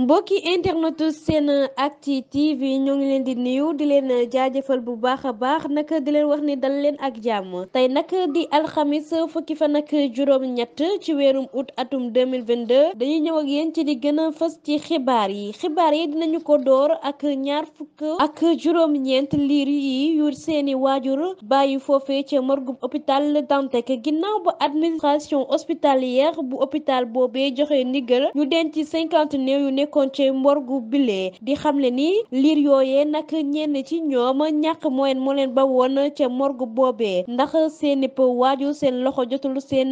mbokki internetu seen acti tv ñoo ngi leen di nuyu di leen jaajëfal bu baax a baax nag di leen wax ni dal leen ak jàmm tey nag di alxamis fukki fan ak juróom-ñett ci weerum août atum 2022 dañuy ñëw ak yéen ci di gën a fës ci xibaar yi xibaar yi dinañu ko door ak ñaar fukk ak juróom-ñeent liir yi yu seeni waajur bàyyi foofee ca morgub hôpital Dantec ginnaaw ba administration hospitalière bu hôpital boobe joxe ndigal ñu denc cinquante néew yu nekk kon ci mborgu bile di xamle ni liir yooyee nag ñenn ci ñoom ñàkk mooy moo leen ba woon ca morgu boobee ndax seen ip waaju seen loxo jotul seen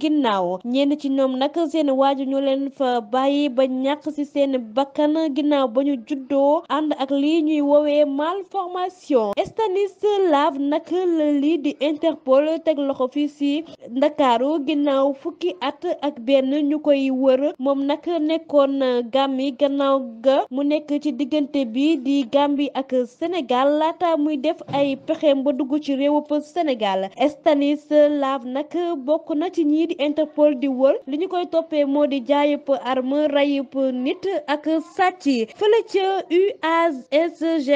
ginnaaw ñenn ci ñoom nag seeni waaju ñu leen fa bàyyi ba ñàkk ci seeni bakkan ginnaaw ba ñu juddoo ànd ak lii ñuy woowee malformation Stanislav nag la lii di Interpol teg loxo fii ci Ndakaaru ginnaaw fukki at ak benn ñu koy wër moom nag nekkoon ga Dramé gannaaw ga mu nekk ci diggante bi di Gambie ak Sénégal laata muy def ay pexem ba dugg ci réewup Sénégal Stanislav nag bokk na ci ñii di Interpol di wër li ñu koy toppee moo di jaayub arme rayub nit ak sàcc fële ca UASG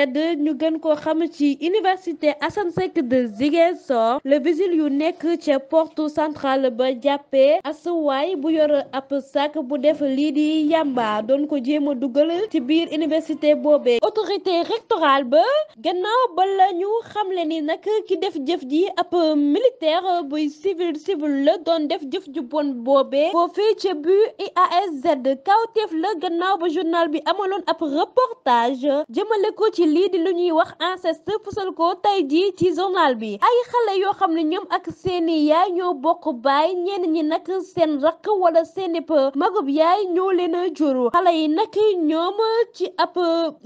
ñu gën koo xam ci université Assane Seck de Ziguinchor le vigile yu nekk ca porte centrale ba jàppee asuwaay bu yor ab sac bu def lii di yàmba doon ko jéem a dugal ci biir université boobee autorité rectorale ba gannaaw ba la ñu xamle ni nag ki def jëf ji ab militaire buy civil civil la doon def jëf ju bon boobee foofee ca bu IASZ kawteef la gannaaw ba journal bi amaloon ab reportage jëmale ko ci lii di lu ñuy wax inceste fësal ko tey jii ci journal bi ay xale yoo xam ne ñoom ak seeni yaay ñoo bokk baay ñenn ñi nag seen rakk wala seeni magub yaay ñoo leen a juru xale yi nag ñoom ci ab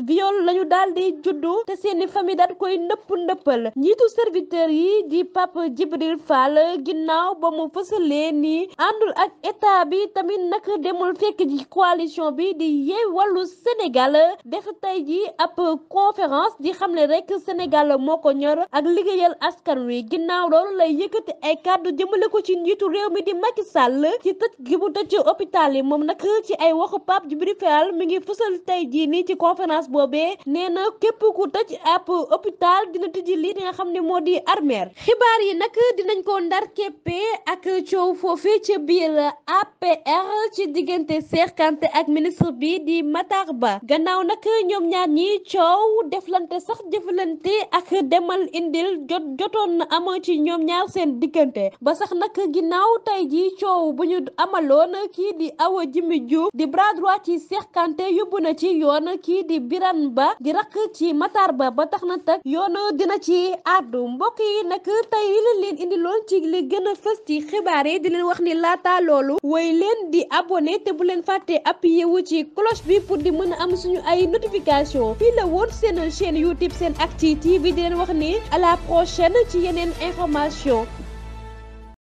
viol lañu daal di juddu te seeni famille daal koy ndëpp ndëppal njiitu serviteur yi di Pape Djibril Fall ginnaaw ba mu fësalee ni àndul ak état bi tamit nag demul fekk ci coalition bi di yee wàllu Sénégal def tey ji ab ji xam ne rek Sénégal moo ko ñor ak liggéeyal askan wi ginnaaw loolu lay yëkkati ay kàddu jëmale ko ci njiitu réew mi di Macky Sall ci tëj gi mu tëj hôpital yi moom nag ci ay waxu Pape Djibril Déthié Fall mi ngi fësal tey jii nii ci conférence boobee nee na képp ku tëj ab hôpital dina tëji li di nga xam ne moo di armeer xibaar yi nag dinañ ko ndar képpe ak coow foofee ca biir APR ci diggante Cheikh ak ministre bi di mataax Ba gannaaw nag ñoom ñaar ñi coow deflante sax jëflante ak demal indil jot jotoon na amoo ci ñoom ñaar seen diggante ba sax nag ginnaaw tey jii coow bu ñu amaloon kii di Awa Jimi Diouf di bras droit ci Cheikh Kanté yóbbu na ci yoon kii di Birane Ba di rakk ci Matar Ba ba tax na tak yoon dina ci àddu mbokk yi nag tey leen leen indi ci li gën a fës yi di leen wax ni laata loolu woy leen di abonné te bu leen fàtte appuyé wu ci cloche bi pour di mën a am suñu ay notification fii la woon seen chaîne YouTube SENactu bi di leen wax ni à la prochaine ci yeneen information